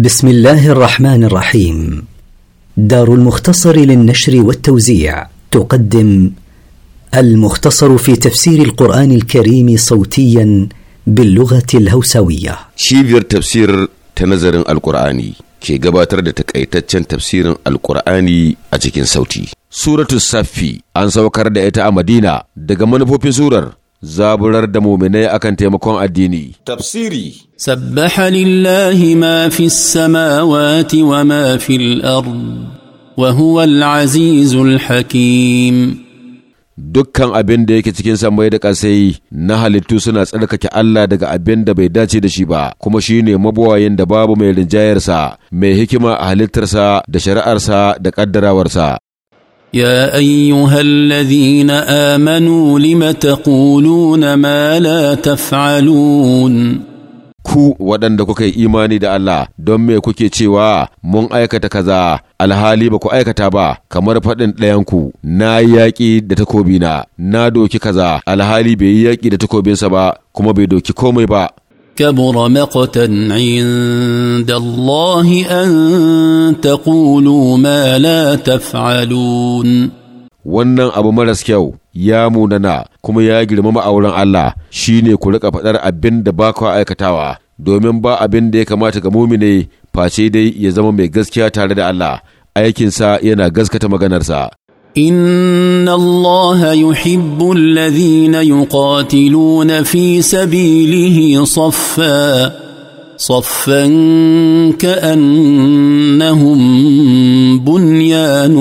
بسم الله الرحمن الرحيم دار المختصر للنشر والتوزيع تقدم المختصر في تفسير القرآن الكريم صوتيا باللغة الهوسوية شيفير تفسير تنظر القرآني كي قباتر da takaitaccen tafsirin alkur'ani a cikin sauti. Suratu Saffi an saukar da ita a Madina daga zaburar da muminai akan taimakon addini. Tafsiri Sabbaha lillahi ma fi samawati wa ma fil ard wa huwa azizul hakim. Dukkan abin da yake cikin samai da ƙasai na halittu suna tsarkake Allah daga abin da bai dace da shi ba, kuma shi ne mabawayin da babu mai rinjayarsa, mai hikima a halittarsa da shari'arsa da ƙaddarawarsa. يا ايها الذين امنوا لم تقولون ما لا تفعلون ku waɗanda kuka yi imani da Allah don me kuke cewa mun aikata kaza alhali ba ku aikata ba kamar faɗin ɗayanku na yaƙi da takobina na doki kaza alhali bai yi yaƙi da takobinsa ba kuma bai doki komai ba كبر مقتا عند الله أن تقولوا ما لا تفعلون wannan abu maras kyau ya munana kuma ya girmama a wurin Allah shine ku rika faɗar abin da ba aikatawa domin ba abin da ya kamata ga mumine face dai ya zama mai gaskiya tare da Allah aikinsa yana gaskata maganarsa ان الله يحب الذين يقاتلون في سبيله صفا صفا كانهم بنيان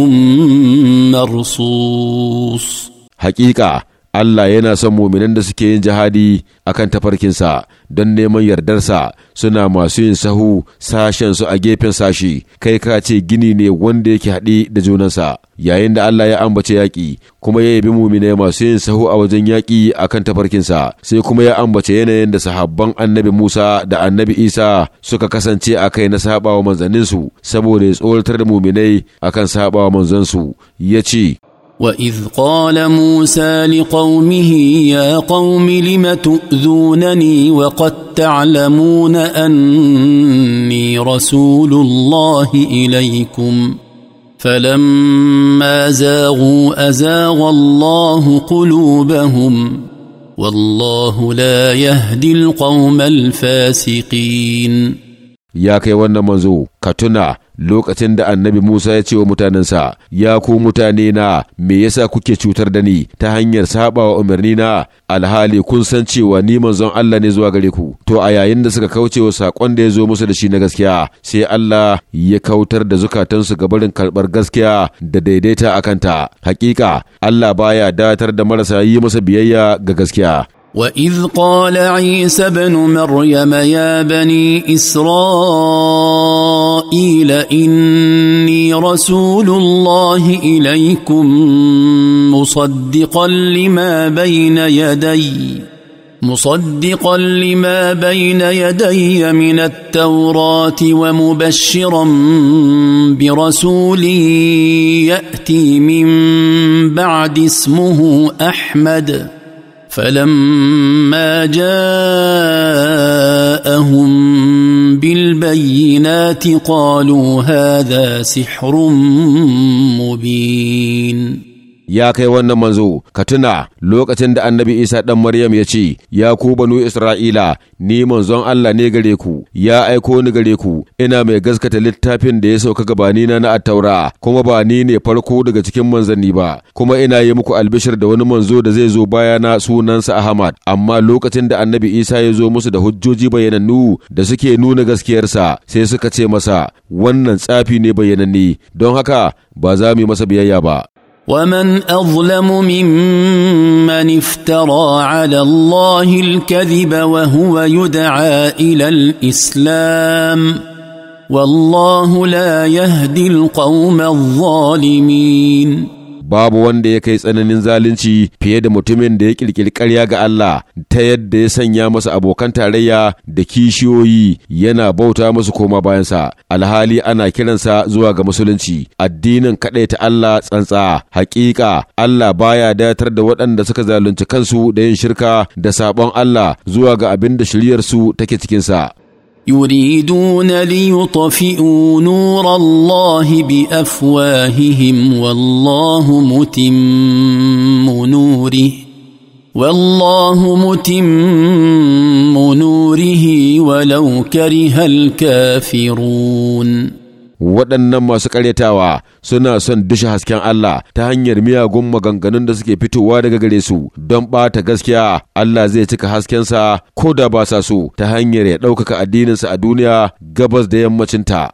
مرصوص حقيقه Allah yana son muminan da suke yin jihadi a kan tafarkinsa don neman yardarsa suna masu yin sahu sashen su a gefen sashi kai ka ce gini ne wanda yake haɗe da junansa yayin da Allah ya ambace yaƙi kuma ya yabi muminai masu yin sahu a wajen yaƙi a kan tafarkinsa sai kuma ya ambace yanayin da sahabban annabi Musa da annabi Isa suka kasance a kai na saɓawa manzanninsu saboda ya tsoratar da muminai kan saɓawa manzansu ya ce واذ قال موسى لقومه يا قوم لم تؤذونني وقد تعلمون اني رسول الله اليكم فلما زاغوا ازاغ الله قلوبهم والله لا يهدي القوم الفاسقين يا كي منزو كتنا lokacin da annabi Musa ya ce wa mutanensa, Ya ku mutane na, me yasa kuke cutar da ni ta hanyar saba umarni na alhali kun san cewa ni manzon Allah ne zuwa gare ku. To a yayin da suka kauce wa saƙon da ya zo musu da shi na gaskiya, sai Allah ya kautar da zukatansu ga barin karɓar gaskiya da daidaita a kanta. Hakika, Allah baya datar da marasa yi masa biyayya ga gaskiya. واذ قال عيسى ابن مريم يا بني اسرائيل اني رسول الله اليكم مصدقا لما بين يدي مصدقا لما بين يدي من التوراه ومبشرا برسول ياتي من بعد اسمه احمد فلما جاءهم بالبينات قالوا هذا سحر مبين ya kai wannan manzo ka tuna lokacin da annabi isa dan maryam ya ce ya ku banu isra'ila ni manzon allah ne gare ku ya aiko ni gare ku ina mai gaskata littafin da ya sauka gabani na attaura kuma ba ni ne farko daga cikin manzanni ba kuma ina yi muku albishir da wani manzo da zai zo baya na sunansa ahmad amma lokacin da annabi isa ya zo musu da hujjoji bayyanannu da suke nuna gaskiyarsa sai suka ce masa wannan tsafi ne bayyananne don haka ba za mu yi masa biyayya ba ومن اظلم ممن افترى على الله الكذب وهو يدعى الى الاسلام والله لا يهدي القوم الظالمين babu wanda ya kai tsananin zalunci fiye da mutumin da ya ƙirƙiri ƙarya ga Allah ta yadda ya sanya masa abokan tarayya da kishiyoyi yana bauta musu koma bayansa alhali ana kiransa zuwa ga musulunci addinin kaɗai ta Allah tsantsa hakika Allah baya datar da waɗanda suka zalunci kansu da yin shirka da sabon Allah zuwa ga abin da su take cikin sa يريدون ليطفئوا نور الله بافواههم والله متم نوره والله متم نوره ولو كره الكافرون waɗannan masu ƙaryatawa suna son dushe hasken Allah ta hanyar miyagun maganganun da suke fitowa daga gare su don ɓata gaskiya Allah zai cika haskensa ko da ba sa so ta hanyar ya ɗaukaka addininsa a duniya gabas da yammacin ta.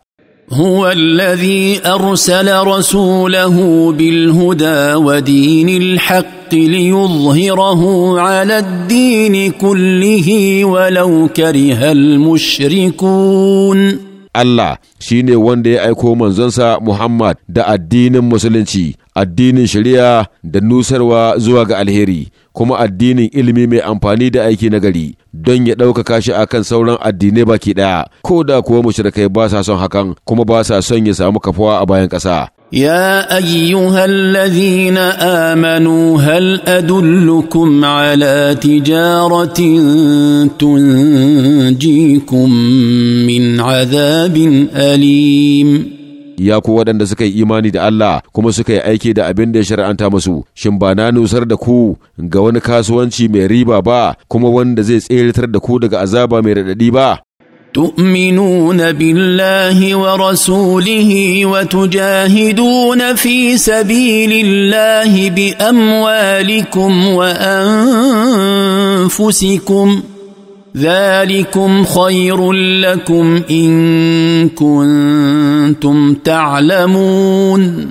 هو الذي ارسل رسوله بالهدى ودين الحق ليظهره على الدين كله ولو كره المشركون Allah shine wanda ya aiko manzonsa Muhammad da addinin musulunci, addinin shari'a da nusarwa zuwa ga alheri, kuma addinin ilimi mai amfani da aiki nagari don ya ɗaukaka shi akan sauran addinai baki ɗaya, ko da kuwa mushrikai ba sa son hakan kuma ba sa son ya samu kafuwa a bayan ƙasa. يا ايها الذين امنوا هل ادلكم على تجاره تنجيكم عذاب أليم ya ku waɗanda suka yi imani da Allah kuma suka yi aiki da abin da ya shari'anta musu shin ba na nusar da ku ga wani kasuwanci mai riba ba kuma wanda zai tseratar da ku daga azaba mai raɗaɗi ba تؤمنون بالله ورسوله وتجاهدون في سبيل الله باموالكم وانفسكم ذلكم خير لكم إن كنتم تعلمون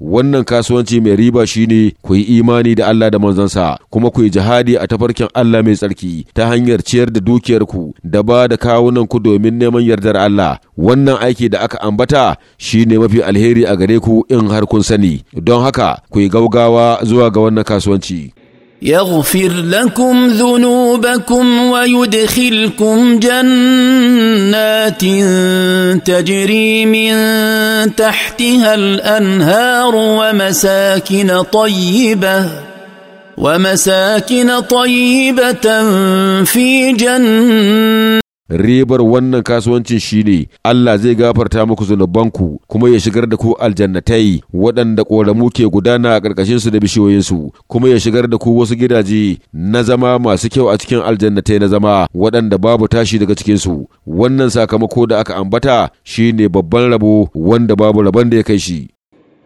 wannan kasuwanci mai riba shine ku yi imani da Allah da manzansa kuma ku yi jihadi a tafarkin Allah mai tsarki ta hanyar ciyar da dukiyarku da ba da kawunanku domin neman yardar Allah wannan aiki da aka ambata shine mafi alheri a gare ku in har kun sani don haka ku yi gaugawa zuwa ga wannan kasuwanci يغفر لكم ذنوبكم ويدخلكم جنات تجري من تحتها الانهار ومساكن طيبه ومساكن طيبه في جنات ribar wannan kasuwancin shine Allah zai gafarta muku zunubanku kuma ya shigar da ku aljannatai waɗanda ƙoramu ke gudana a su da bishiyoyinsu kuma ya shigar da ku wasu gidaje na zama masu kyau a cikin aljannatai na zama waɗanda babu tashi daga cikin su wannan sakamako da aka ambata shine babban rabo wanda babu rabon da ya kai shi.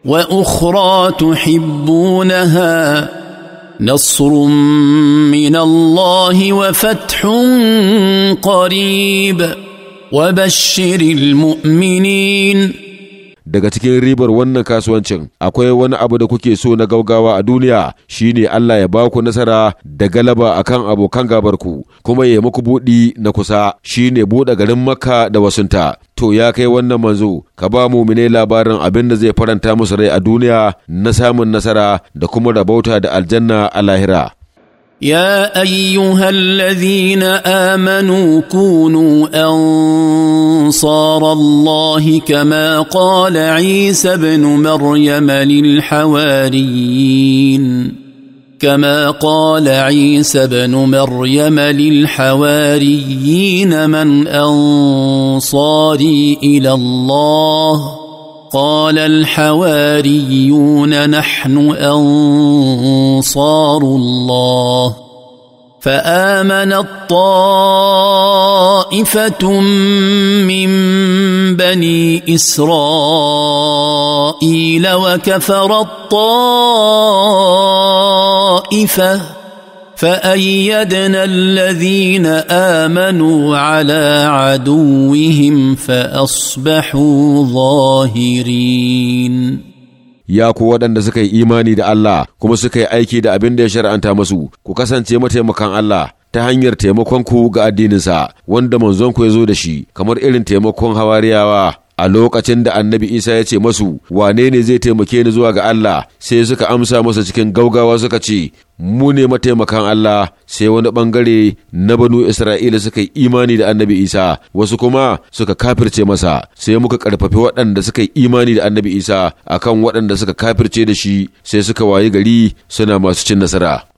wa ukhra tuhibbunaha نصر من الله وفتح قريب وبشر المؤمنين daga cikin ribar wannan kasuwancin akwai wani abu da kuke so na gaugawa a duniya shine Allah ya baku nasara da galaba akan abokan gabarku kuma ya muku buɗi na kusa shine buɗe garin Makka da wasunta to ya kai wannan manzo ka ba mu mine labarin abin da zai faranta musu rai a duniya na samun nasara da kuma rabauta da aljanna a lahira يا ايها الذين امنوا كونوا انصار الله كما قال عيسى ابن مريم للحواريين كما قال عيسى ابن مريم للحواريين من انصاري الى الله قال الحواريون نحن انصار الله فامنت طائفه من بني اسرائيل وكفر الطائفه فايدنا الذين امنوا على عدوهم فاصبحوا ظاهرين ya ku waɗanda suka yi imani da Allah kuma suka yi aiki da abin da ya shar'anta masu ku kasance mataimakan Allah ta hanyar taimakon ku ga addininsa wanda manzon ku ya zo da shi kamar irin taimakon hawariyawa a lokacin da annabi isa ya ce masu wane ne zai taimake ni zuwa ga Allah sai suka amsa masa cikin gaugawa suka ce mu ne mataimakan Allah sai wani bangare na banu Isra'ila suka yi imani da annabi isa wasu kuma suka kafirce masa sai muka karfafi waɗanda suka yi imani da annabi isa akan waɗanda suka kafirce da shi sai suka wayi gari suna masu cin nasara